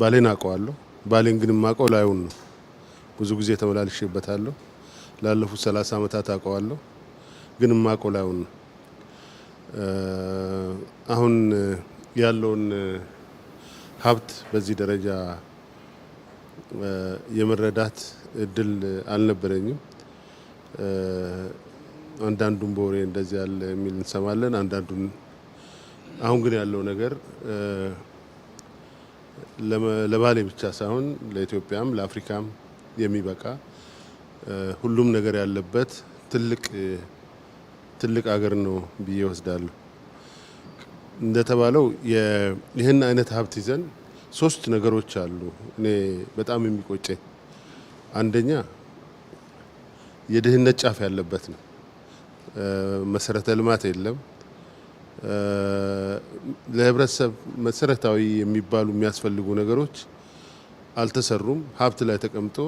ባሌን አውቀዋለሁ። ባሌን ግን የማውቀው ላዩን ነው። ብዙ ጊዜ ተመላልሼበታለሁ። ላለፉት ሰላሳ ዓመታት አውቀዋለሁ። ግን የማውቀው ላዩን ነው። አሁን ያለውን ሀብት በዚህ ደረጃ የመረዳት እድል አልነበረኝም። አንዳንዱን በወሬ እንደዚህ ያለ የሚል እንሰማለን። አንዳንዱን አሁን ግን ያለው ነገር ለባሌ ብቻ ሳይሆን ለኢትዮጵያም ለአፍሪካም የሚበቃ ሁሉም ነገር ያለበት ትልቅ ትልቅ አገር ነው ብዬ ወስዳለሁ። እንደተባለው ይህን አይነት ሀብት ይዘን ሶስት ነገሮች አሉ እኔ በጣም የሚቆጨኝ። አንደኛ የድህነት ጫፍ ያለበት ነው። መሰረተ ልማት የለም። ለህብረተሰብ መሰረታዊ የሚባሉ የሚያስፈልጉ ነገሮች አልተሰሩም። ሀብት ላይ ተቀምጦ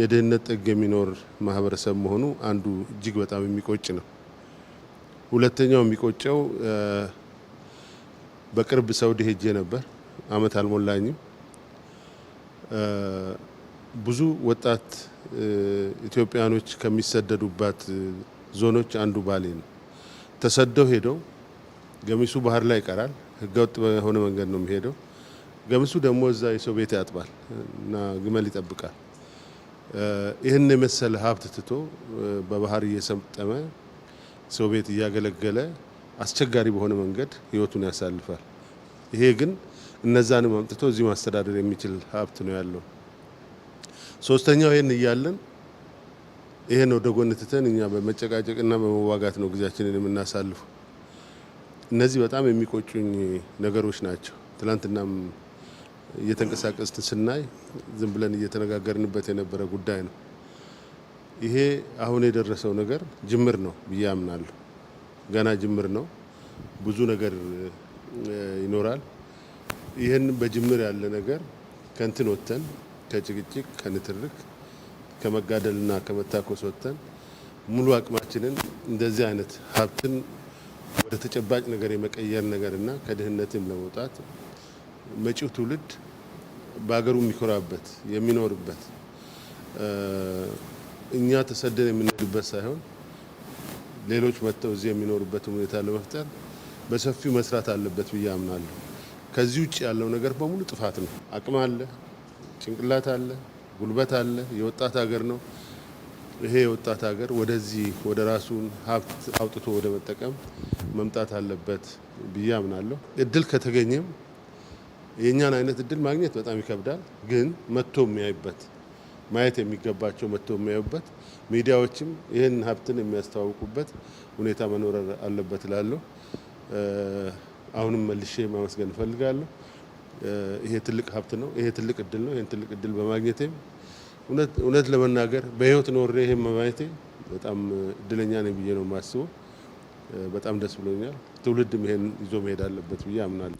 የድህነት ጥግ የሚኖር ማህበረሰብ መሆኑ አንዱ እጅግ በጣም የሚቆጭ ነው። ሁለተኛው የሚቆጨው በቅርብ ሳውዲ ሄጄ ነበር፣ አመት አልሞላኝም። ብዙ ወጣት ኢትዮጵያኖች ከሚሰደዱባት ዞኖች አንዱ ባሌ ነው። ተሰደው ሄደው ገሚሱ ባህር ላይ ይቀራል። ህገወጥ በሆነ መንገድ ነው የሚሄደው። ገሚሱ ደግሞ እዛ የሰው ቤት ያጥባል እና ግመል ይጠብቃል። ይህን የመሰለ ሀብት ትቶ በባህር እየሰጠመ ሰው ቤት እያገለገለ አስቸጋሪ በሆነ መንገድ ህይወቱን ያሳልፋል። ይሄ ግን እነዛንም አምጥቶ እዚህ ማስተዳደር የሚችል ሀብት ነው ያለው። ሶስተኛው ይህን እያለን ይሄን ወደ ጎን ትተን እኛ በመጨቃጨቅና በመዋጋት ነው ጊዜያችንን የምናሳልፉ እነዚህ በጣም የሚቆጩኝ ነገሮች ናቸው። ትላንትናም እየተንቀሳቀስን ስናይ ዝም ብለን እየተነጋገርንበት የነበረ ጉዳይ ነው። ይሄ አሁን የደረሰው ነገር ጅምር ነው ብዬ አምናለሁ። ገና ጅምር ነው፣ ብዙ ነገር ይኖራል። ይህን በጅምር ያለ ነገር ከንትን ወጥተን ከጭቅጭቅ ከንትርክ ከመጋደልና ከመታኮስ ወጥተን ሙሉ አቅማችንን እንደዚህ አይነት ሀብትን ወደ ተጨባጭ ነገር የመቀየር ነገር እና ከድህነትም ለመውጣት መጪው ትውልድ በሀገሩ የሚኮራበት የሚኖርበት እኛ ተሰደን የምንሄድበት ሳይሆን ሌሎች መጥተው እዚህ የሚኖሩበትን ሁኔታ ለመፍጠር በሰፊው መስራት አለበት ብዬ አምናለሁ። ከዚህ ውጭ ያለው ነገር በሙሉ ጥፋት ነው። አቅም አለ፣ ጭንቅላት አለ፣ ጉልበት አለ፣ የወጣት ሀገር ነው። ይሄ የወጣት ሀገር ወደዚህ ወደ ራሱን ሀብት አውጥቶ ወደ መጠቀም መምጣት አለበት ብዬ አምናለሁ። እድል ከተገኘም የእኛን አይነት እድል ማግኘት በጣም ይከብዳል። ግን መጥቶ የሚያይበት ማየት የሚገባቸው መጥቶ የሚያዩበት ሚዲያዎችም ይህን ሀብትን የሚያስተዋውቁበት ሁኔታ መኖር አለበት እላለሁ። አሁንም መልሼ ማመስገን እፈልጋለሁ። ይሄ ትልቅ ሀብት ነው። ይሄ ትልቅ እድል ነው። ይህን ትልቅ እድል በማግኘቴም እውነት ለመናገር በህይወት ኖሬ ይሄን መማየቴ በጣም እድለኛ ነኝ ብዬ ነው የማስበው። በጣም ደስ ብሎኛል። ትውልድም ይሄን ይዞ መሄድ አለበት ብዬ አምናለሁ።